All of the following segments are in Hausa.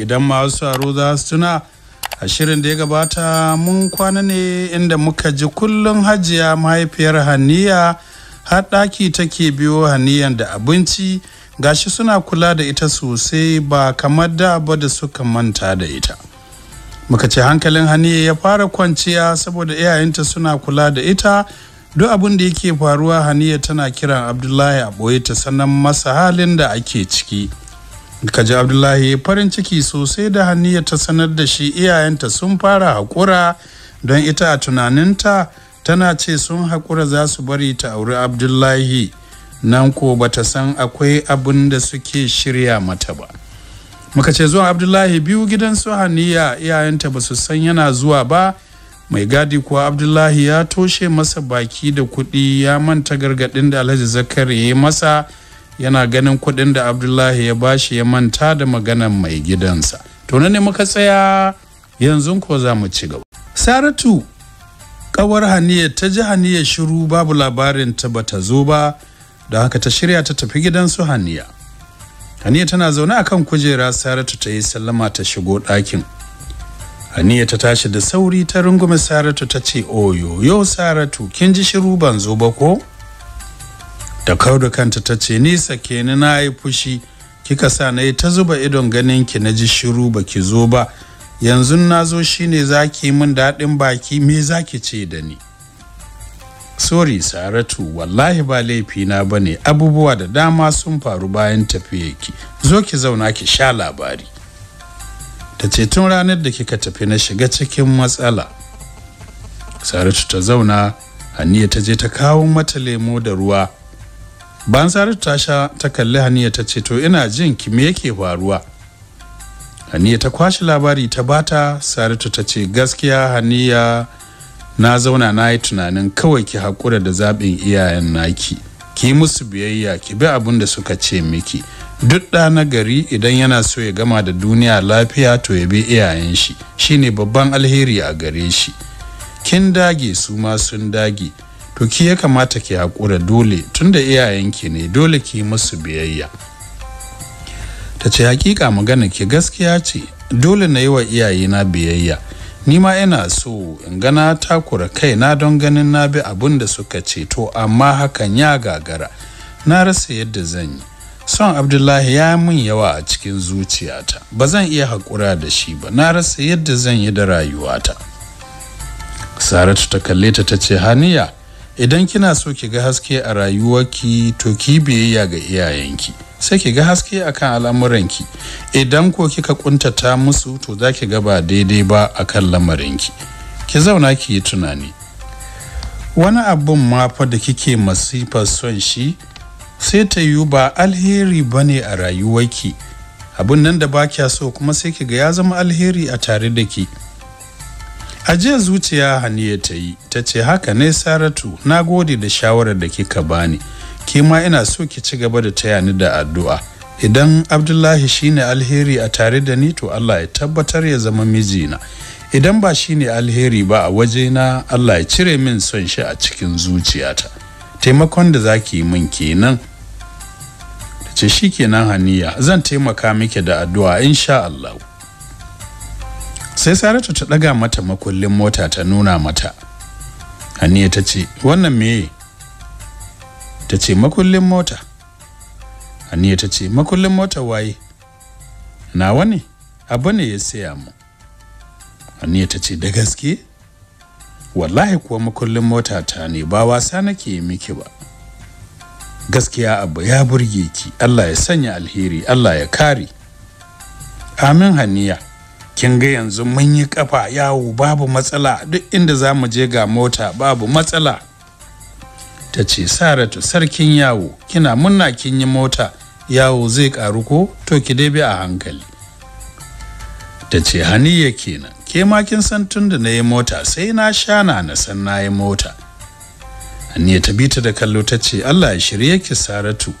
idan masu saro za su tuna a shirin da ya gabata mun kwana ne inda muka ji kullum hajiya mahaifiyar haniya har ɗaki take biyo haniyan da abinci gashi suna kula da ita sosai ba kamar da ba da suka manta da ita muka ce hankalin haniya ya fara kwanciya saboda iyayenta suna kula da ita duk abin da yake faruwa haniya tana kiran abdullahi a ta sanan masa halin da ake ciki kaji abdullahi farin ciki sosai da haniya ta sanar da shi iyayenta sun fara haƙura don ita a tunaninta tana ce sun haƙura za su bari ta auri abdullahi nan ko bata san akwai abin da suke shirya mata ba muka ce zuwa abdullahi biyu gidan su haniya iyayenta ba su san yana zuwa ba mai gadi kuwa abdullahi ya toshe masa baki da kuɗi ya manta gargaɗin da alhaji zakari ya yi masa yana ganin kuɗin da abdullahi ya bashi ya manta da magana mai gidansa to na ne muka tsaya yanzu ko za mu ci gaba saratu kawar haniya ta ji haniya shiru babu labarin ta ba ta zo ba Don haka ta shirya ta tafi gidansu haniya haniya tana zaune a kan kujera saratu ta yi sallama ta shigo ɗakin haniya ta tashi da sauri ta rungume saratu ta ce oyo yau saratu kin ji shiru ban zo ba ko da kauda kanta ta ce nisa ke ni na yi fushi kika sa na yi ta zuba idon ganin ki na ji shiru ba ki zo ba yanzu na zo shine za ki min daɗin baki me za ki ce da ni sorry saratu wallahi ba laifi na ba ne abubuwa da dama sun faru bayan ki zo ki zauna ki sha labari ta ce tun ranar da kika tafi na shiga cikin matsala saratu ta zauna hanniya ta je ta kawo mata lemo da ruwa bayan saratu ta sha ta kalli haniya ta ce to ina jin ki me yake faruwa haniya ta kwashi labari ta bata saratu ta ce gaskiya haniya na zauna na yi tunanin kawai ki haƙura da zaɓin iyayen naki ki musu biyayya ki bi abin da suka ce miki duk ɗa na gari idan yana so ya gama da duniya lafiya to ya bi iyayen shi shine babban alheri a gare shi kin dage su ma sun dage to ki ya kamata ki haƙura dole tunda iyayenki ne dole ki musu biyayya ta ce hakika magana ki gaskiya ce dole na yi wa iyayena biyayya ni ma ina so in gana takura kai na don ganin na bi abin da suka ce to amma hakan ya gagara na rasa yadda zan yi son abdullahi ya min yawa a cikin zuciyata ba zan iya haƙura da shi ba na rasa yadda zan yi da rayuwata saratu ta kalle ta ce haniya idan kina so ki ga haske a rayuwarki to ki biyayya ga iyayenki sai ki ga haske akan al'amuranki idan ko kika kuntata musu to za ki ga ba daidai ba a kan lamarinki ki zauna ki yi tunani wani abun ma fa da kike masifar son shi sai ta yiwu ba alheri ba ne a rayuwarki abun nan da ba kya so kuma sai ki ga ya zama alheri a tare da ki a jiya zuciya haniya ta yi ta ce haka ne saratu na gode da shawarar da kika bani ke ma ina so ki ci gaba da taya ni da addu'a idan abdullahi shine alheri a tare da ni to allah ya tabbatar ya zama mijina idan ba shine alheri ba a waje na allah ya cire min son shi a cikin zuciyata taimakon da za ki yi min kenan ta ce kenan haniya zan taimaka miki da addu'a insha allah sai saratu ta ɗaga mata makullin mota ta nuna mata haniya ta ce wannan meye ta ce makullin mota haniya ta ce makullin mota waye nawa ne abu ne ya siya mu haniya ta ce da gaske wallahi kuwa makullin mota ta ne ba wasa nake yi miki ba gaskiya abu ya burge ki Allah ya sanya alheri Allah ya kare amin haniya kin ga yanzu mun yi kafa yawo babu matsala duk inda za mu je ga mota babu matsala ta ce saratu sarkin yawo kina munna kin yi mota yawo zai karu ko to ki dai bi a hankali ta ce haniya kenan ke ma kin san tun da na yi mota sai na shana na san na yi mota haniya ta bita da kallo ta ce allah ya shirye ki saratu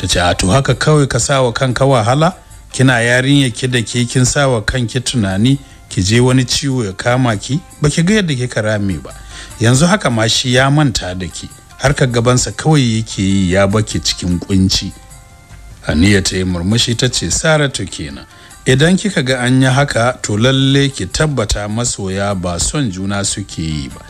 ta ce a to haka kawai ka sa wa kanka wahala kina yarinya ki da ke kin sawa kanki tunani ki je wani ciwo ya kama ki ba ki ga yadda kika rame ba yanzu haka ma shi ya manta da ki Harka gabansa kawai yake yi ya baki cikin kunci aniya ta yi murmushi ta ce saratu kenan idan kika ga an yi haka to lalle ki tabbata masoya ba son juna suke yi ba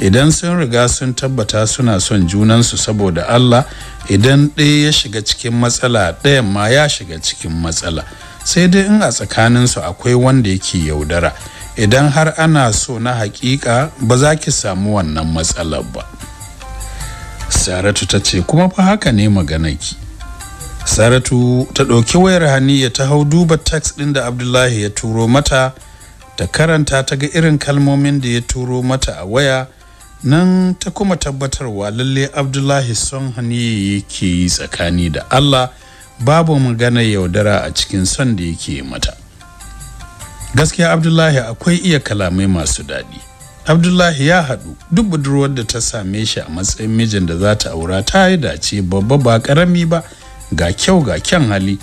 idan sun riga sun tabbata suna son junansu saboda allah idan ɗaya ya shiga cikin matsala ɗayan ma ya shiga cikin matsala sai dai in a tsakaninsu akwai wanda yake yaudara idan har ana so na hakika ba za ki samu wannan matsalar ba saratu ta ce kuma fa haka ne ki. saratu ta ɗauki wayar haniya ta hau duba tax ɗin da abdullahi ya turo mata ta karanta ta ga irin kalmomin da ya turo mata a waya nan ta kuma tabbatarwa lalle abdullahi son haniya yake yi tsakani da allah babu magana yaudara a cikin son da yake mata gaskiya abdullahi akwai iya kalamai masu daɗi abdullahi ya haɗu duk budurwar da ta same shi a matsayin mijin da za ta aura ta yi dace babba ba ƙarami ba ga kyau ga kyan hali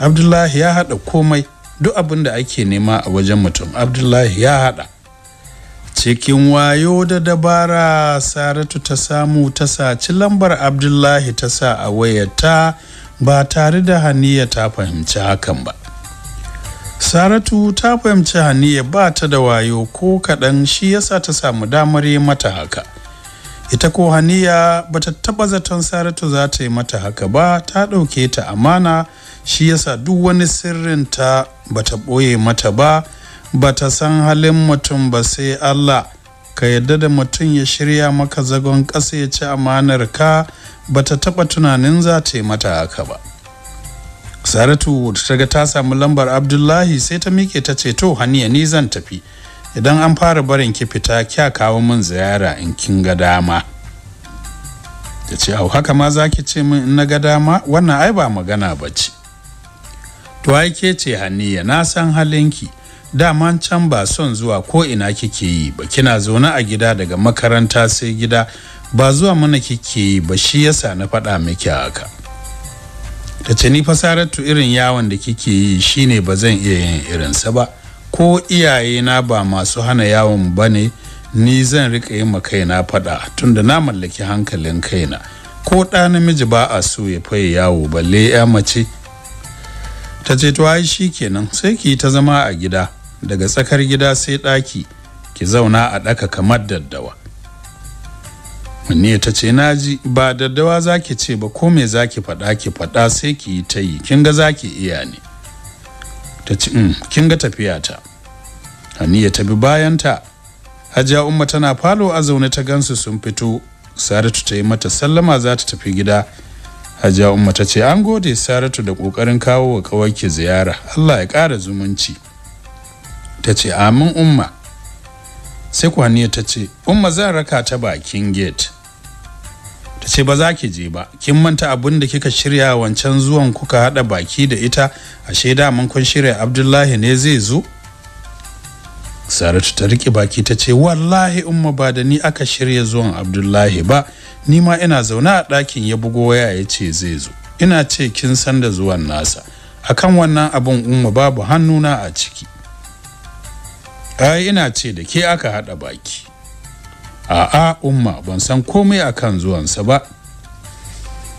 abdullahi ya haɗa komai duk abin da ake nema a wajen mutum abdullahi ya haɗa cikin wayo da dabara saratu ta samu ta saci lambar abdullahi ta sa a wayarta ba tare da haniya ta fahimci hakan ba saratu ta fahimci haniya ba ta da wayo ko kaɗan shi yasa ta samu damar yi mata haka ita ko haniya ba ta taba zaton saratu za ta yi mata haka ba ta ɗauke ta amana shi yasa duk wani sirrinta ta ɓoye mata ba ba ta san halin mutum ba sai allah ka yadda da mutum ya shirya maka zagon ƙasa ya ci amanar ka ba ta taba tunanin za ta yi mata haka ba saratu ta ga ta samu lambar abdullahi sai ta miƙe ta ce to haniya ni zan tafi idan an fara barin ki fita kya kawo min ziyara in kin ga dama ya ce au haka ma za ki ce min in na ga dama wannan ai ba magana ba ce to ai ke ce haniya na san halin halinki dama can ba son zuwa ko ina kike yi ba kina zaune a gida daga makaranta sai gida ba zuwa mana kike yi ba shi yasa na faɗa miki haka ta ce ni fasaratu irin yawon da kike yi shine ba zan iya yin irinsa ba ko iyaye na ba masu hana yawon ba ne ni zan rika yi kaina fada tunda na mallaki hankalin kaina ko ɗa namiji ba a so ya faye yawo balle ya mace ta ce to ai shi kenan sai ki ta zama a gida daga tsakar gida sai ɗaki ki zauna a ɗaka kamar daddawa ne ta ce na ji ba daddawa zaki ce ba ko me zaki faɗa ki faɗa sai ki yi ta yi kin ga zaki iya ne ta ci mm, kin ga tafiya ta haniya ta bi bayanta. hajiya umma tana falo a zaune ta gansu sun fito saratu ta yi mata sallama za ta tafi gida hajiya umma ta ce an gode saratu da kokarin kawo wa kawarki ziyara allah ya ƙara zumunci ta ce amin umma sai kwaniya ta ce umma zan raka ta bakin gate ta ce ba za ki je ba kin manta abin da kika shirya wancan zuwan kuka hada baki da ita ashe daman kun shirya abdullahi ne zai zo saratu ta riƙe baki ta ce wallahi umma ba da ni aka shirya zuwan abdullahi ba ni ma ina zaune a ɗakin ya bugo waya ya ce zai zo ina ce kin san da zuwan nasa akan wannan abin umma babu hannuna a ciki ai ina ce da ke aka haɗa baki a'a umma ban san komai akan zuwansa ba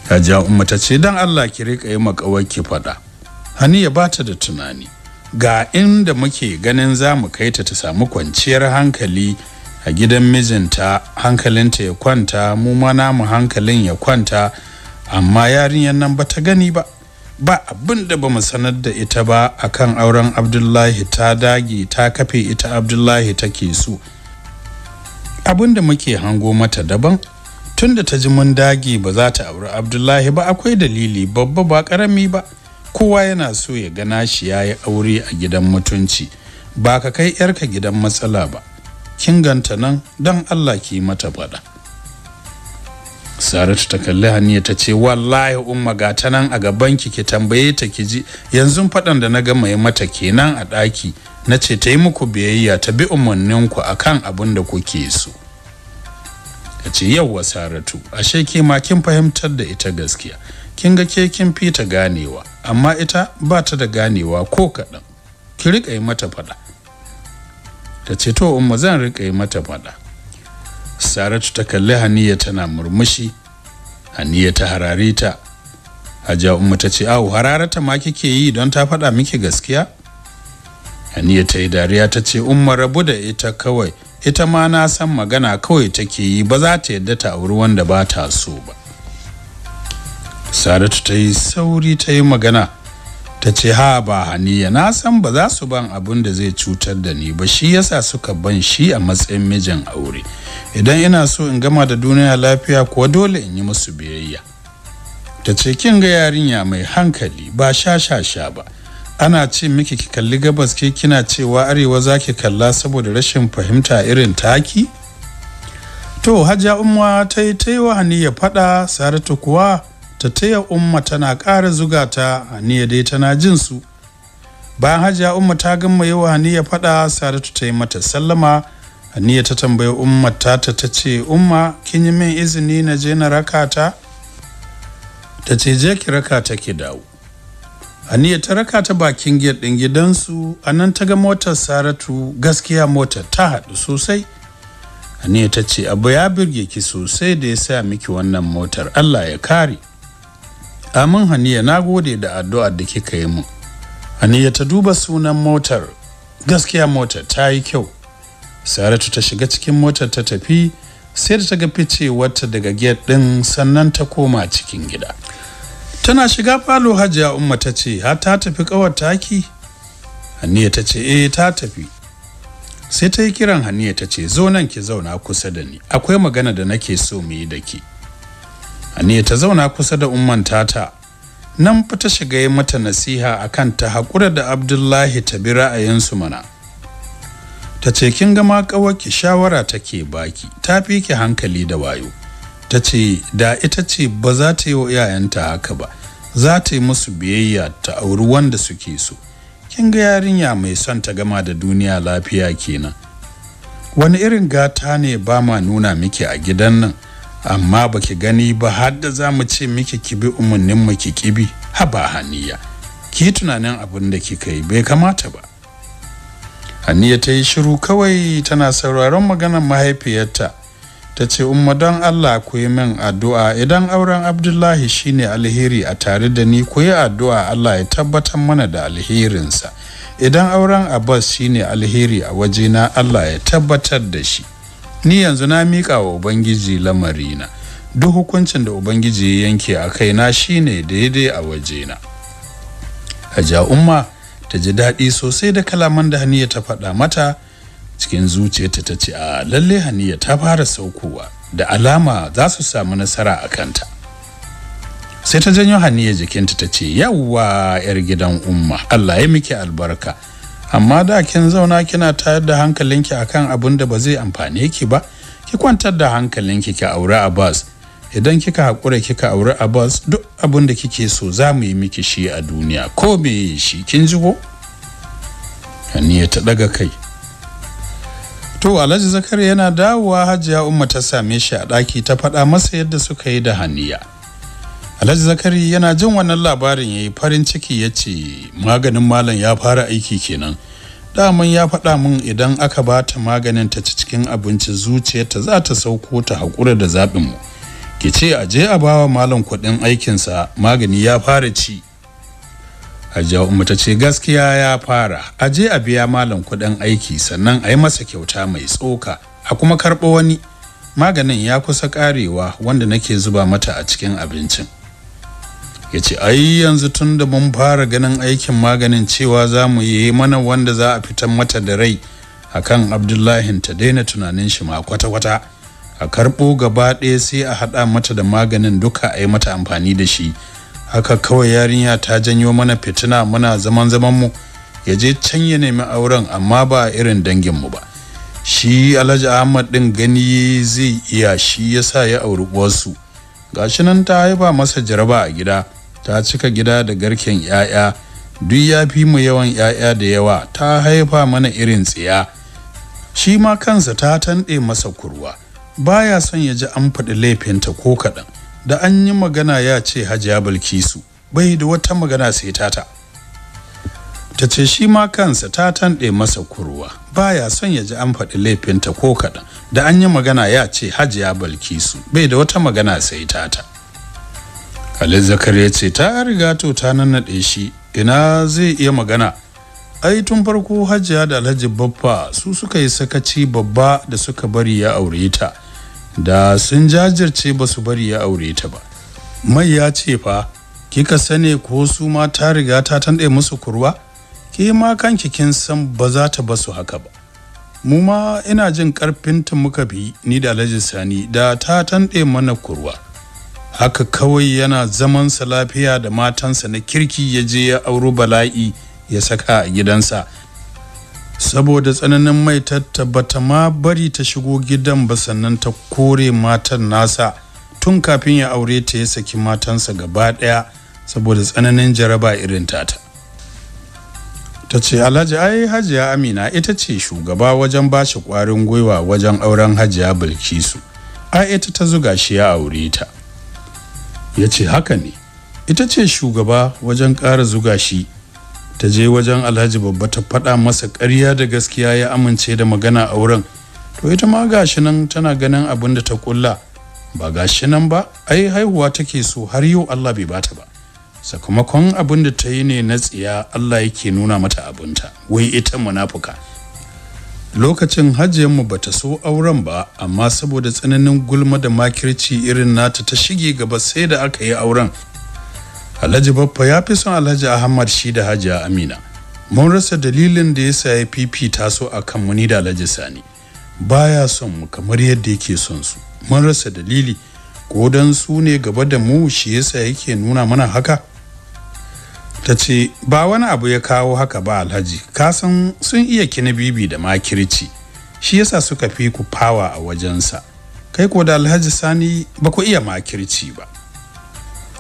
hajiya umma ta ce dan Allah ki rika yi makawar ki faɗa hani ya bata da tunani ga inda muke ganin za mu kai ta ta samu kwanciyar hankali a gidan mijinta hankalinta ya kwanta mu ma namu hankalin ya kwanta amma yarinyar nan ba ta gani ba ba abin da ba mu sanar da ita ba akan auren abdullahi ta dage ta kafe ita abdullahi take so abin da muke hango mata daban tunda ta ji mun dage ba za ta auri abdullahi ba akwai dalili babba ba karami ba kowa yana so ya gana shi ya yi aure a gidan mutunci ba ka kai yarka gidan matsala ba kin ganta nan don allah ki mata faɗa saratu ta kalli haniya ta ce wallahi umma ga ta nan a gaban ki ki tambaye ta ki ji yanzu faɗan da na ga mai mata kenan a ɗaki na ce ta yi muku biyayya ta bi umarninku ku akan abin da kuke so ta ce yawwa saratu ashe ke ma kin fahimtar da ita gaskiya kin ga ke kin fi ta ganewa amma ita ba ta da ganewa ko kaɗan ki riƙa yi mata faɗa ta ce to umma zan riƙa yi mata faɗa saratu ta kalli haniya tana murmushi haniya ta harare ta hajiya umma ta ce au hararata ma kike yi don ta faɗa miki gaskiya haniya ta yi dariya ta ce umma rabu da ita kawai ita ma na san magana kawai take yi ba za ta yadda ta auri wanda ba ta so ba saratu ta yi sauri ta yi magana ta ce ha ba haniya na san ba za su ban abun da zai cutar da ni ba shi yasa suka ban shi a matsayin mijin aure idan ina so in gama da duniya lafiya kuwa dole in yi musu biyayya ta ce kin ga yarinya mai hankali ba sha-sha-sha ba ana ce miki ki kalli gabas ke kina cewa arewa za ki kalla saboda rashin fahimta irin taki to hajja umma ta yi ta yi wa haniya faɗa saratu kuwa ta taya umma tana ƙara zuga ta haniya dai tana jin su bayan hajiya umma ta gama yawa haniya faɗa saratu ta yi mata sallama haniya ta tambayi umma ta ta ce umma kin yi min izini na je na raka ta ta ce je ki raka ta ki dawo haniya ta raka ta bakin gate ɗin gidansu a nan ta ga motar saratu gaskiya motar ta haɗu sosai haniya ta ce abu ya birge ki sosai da ya sa miki wannan motar allah ya kare amin haniya na gode da addu'a da kika yi mun haniya ta duba sunan motar gaskiya motar ta yi kyau saratu ta shiga cikin motar ta tafi sai ta ga wata daga gate din sannan ta koma cikin gida tana shiga falo hajiya umma ta ce har ta tafi kawar taki haniya ta ce eh ta tafi sai ta yi kiran haniya ta ce zo nan ki zauna kusa da ni akwai magana da nake so mu yi da ki ne ta zauna kusa da umman tata nan fita shiga yi mata nasiha a kan ta haƙura da abdullahi ta bi ra'ayinsu mana ta ce kin gama ma ki shawara take baki ta fi ki hankali da wayo ta ce da ita ce ba za ta yi wa 'ya'yanta haka ba za ta yi musu biyayya ta auri wanda suke so kin ga yarinya mai son ta gama da duniya lafiya kenan wani irin gata ne ba ma nuna miki a gidan nan amma baki gani ba har da za mu ce miki kibi umarnin mu ki kibi ba haniya ki tunanin abin da kika yi bai kamata ba haniya ta yi shiru kawai tana sauraron maganar mahaifiyarta ta ce umma don allah ku yi min addu'a idan auren abdullahi shine alheri a tare da ni ku yi addu'a allah ya tabbatar mana da alherinsa idan auren abbas shine alheri a wajena allah ya tabbatar da shi ni yanzu na miƙa wa ubangiji lamarina duk hukuncin da ubangiji ya yanke a kaina shine daidai a wajena hajiya umma ta ji daɗi sosai da kalaman da haniya ta faɗa mata cikin zuciyarta ta ce a lalle haniya ta fara saukowa da alama za su samu nasara a kanta sai ta janyo haniya jikinta ta ce yawwa 'yar gidan umma allah ya miki albarka amma da kin zauna kina tayar da hankalinki akan abin da ba zai amfane ki ba ki kwantar da hankalinki ki aure Abbas idan kika haƙura kika aure Abbas duk abin da kike so za mu yi miki shi a duniya ko me shi kin ji ko Haniya ta daga kai to Alhaji Zakari yana dawowa Hajiya Umma ta same shi a ɗaki ta faɗa masa yadda suka yi da Haniya alhaji zakari yana jin wannan labarin ya yi farin ciki ya ce maganin malam ya fara aiki kenan daman ya faɗa min idan aka ba ta maganin ta ci cikin abinci zuciyarta za ta sauko ta haƙura da zaɓinmu ki ce a je a bawa malam kuɗin aikinsa magani ya fara ci hajiya umma ta ce gaskiya ya fara a je a biya malam kuɗin aiki sannan a yi masa kyauta mai tsoka a kuma karɓo wani maganin ya kusa ƙarewa wanda nake zuba mata a cikin abincin ya ce ai yanzu tun da mun fara ganin aikin maganin cewa za mu yi mana wanda za a fitan mata da rai a kan abdullahin ta daina tunanin shi ma kwata-kwata a karɓo gaba ɗaya sai a haɗa mata da maganin duka a yi mata amfani da shi haka kawai yarinya ta janyo mana fitina muna zaman zaman mu ya je can ya nemi auren amma ba irin dangin mu ba shi alhaji ahmad din gani zai iya shi yasa ya auri wasu gashi nan ta haifa masa jaraba a gida ta cika gida da garken 'ya'ya duk ya fi mu yawan 'ya'ya da yawa ta haifa mana irin tsiya shi ma kansa ta tanɗe masa kurwa baya son ya ji an faɗi laifinta ko kaɗan da an yi magana ya ce hajiya bilkisu bai da wata magana sai tata ta ce shi ma kansa ta tanɗe masa kurwa baya son ya ji an faɗi laifinta ko kaɗan da an yi magana ya ce hajiya bilkisu bai da wata magana sai tata Ali Zakariya ya ce ta riga to ta nannaɗe shi ina zai iya magana ai tun farko hajiya da alhaji baffa su suka yi sakaci babba da suka bari ya aure ta da sun jajirce ba su bari ya aure ta ba mai ya ce fa kika sane ko su ma ta riga ta tanɗe musu kurwa ke ma kanki kin san ba za ta basu haka ba mu ma ina jin karfin muka bi ni da alhaji sani da ta tanɗe mana kurwa haka kawai yana zaman sa lafiya da matansa na kirki ya je ya auro bala'i ya saka a gidansa saboda tsananin mai tattabata ma bari ta shigo gidan ba sannan ta kore matan nasa tun kafin ya aure ta ya saki matansa gaba daya saboda tsananin jaraba irin tata ta ce alhaji ai hajiya amina ita ce shugaba wajen ba shi kwarin gwiwa wajen auren hajiya bilkisu ai ita ta zuga shi ya aure ta ya ce haka ne ita ce shugaba wajen ƙara zuga shi ta je wajen alhaji babba ta faɗa masa ƙarya da gaskiya ya amince da magana a wurin to ita ma gashi nan tana ganin abin da ta ƙulla ba gashi nan ba ai haihuwa take so har yau Allah bai bata ba sakamakon abin da ta yi ne na tsiya Allah yake nuna mata abinta wai ita munafuka lokacin hajiyarmu bata so auren ba amma saboda tsananin gulma da makirci irin nata ta shige gaba sai da aka yi auren alhaji baffa ya fi son alhaji ahmad shi da hajiya amina mun rasa dalilin da ya sa ya fifita so a kan muni da alhaji sani baya son mu kamar yadda yake son su mun rasa dalili ko dan su ne gaba da mu shi yasa yake nuna mana haka ta ce ba wani abu ya kawo haka ba alhaji kasan sun iya kini bibi da makirci shi yasa suka fi ku fawa a wajensa kai ko da alhaji sani ba ku iya makirci ba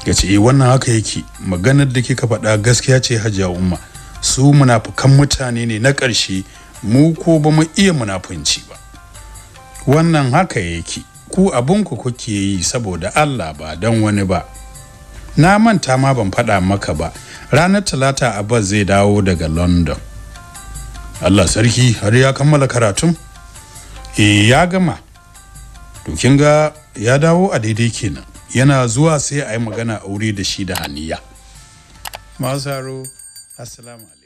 ya ce eh, wannan haka yake maganar da kika faɗa gaskiya ce hajiya umma su munafukan mutane ne na ƙarshe mu ko ba mu iya munafunci ba wannan haka yake ku abinku kuke yi saboda allah ba don wani ba na manta ma ban faɗa maka ba ranar talata abbas zai dawo daga london allah sarki har ya kammala karatun e ya gama dokin ga ya dawo a daidai kenan yana zuwa sai a yi magana aure da shi da haniya masaro assalamu alaikum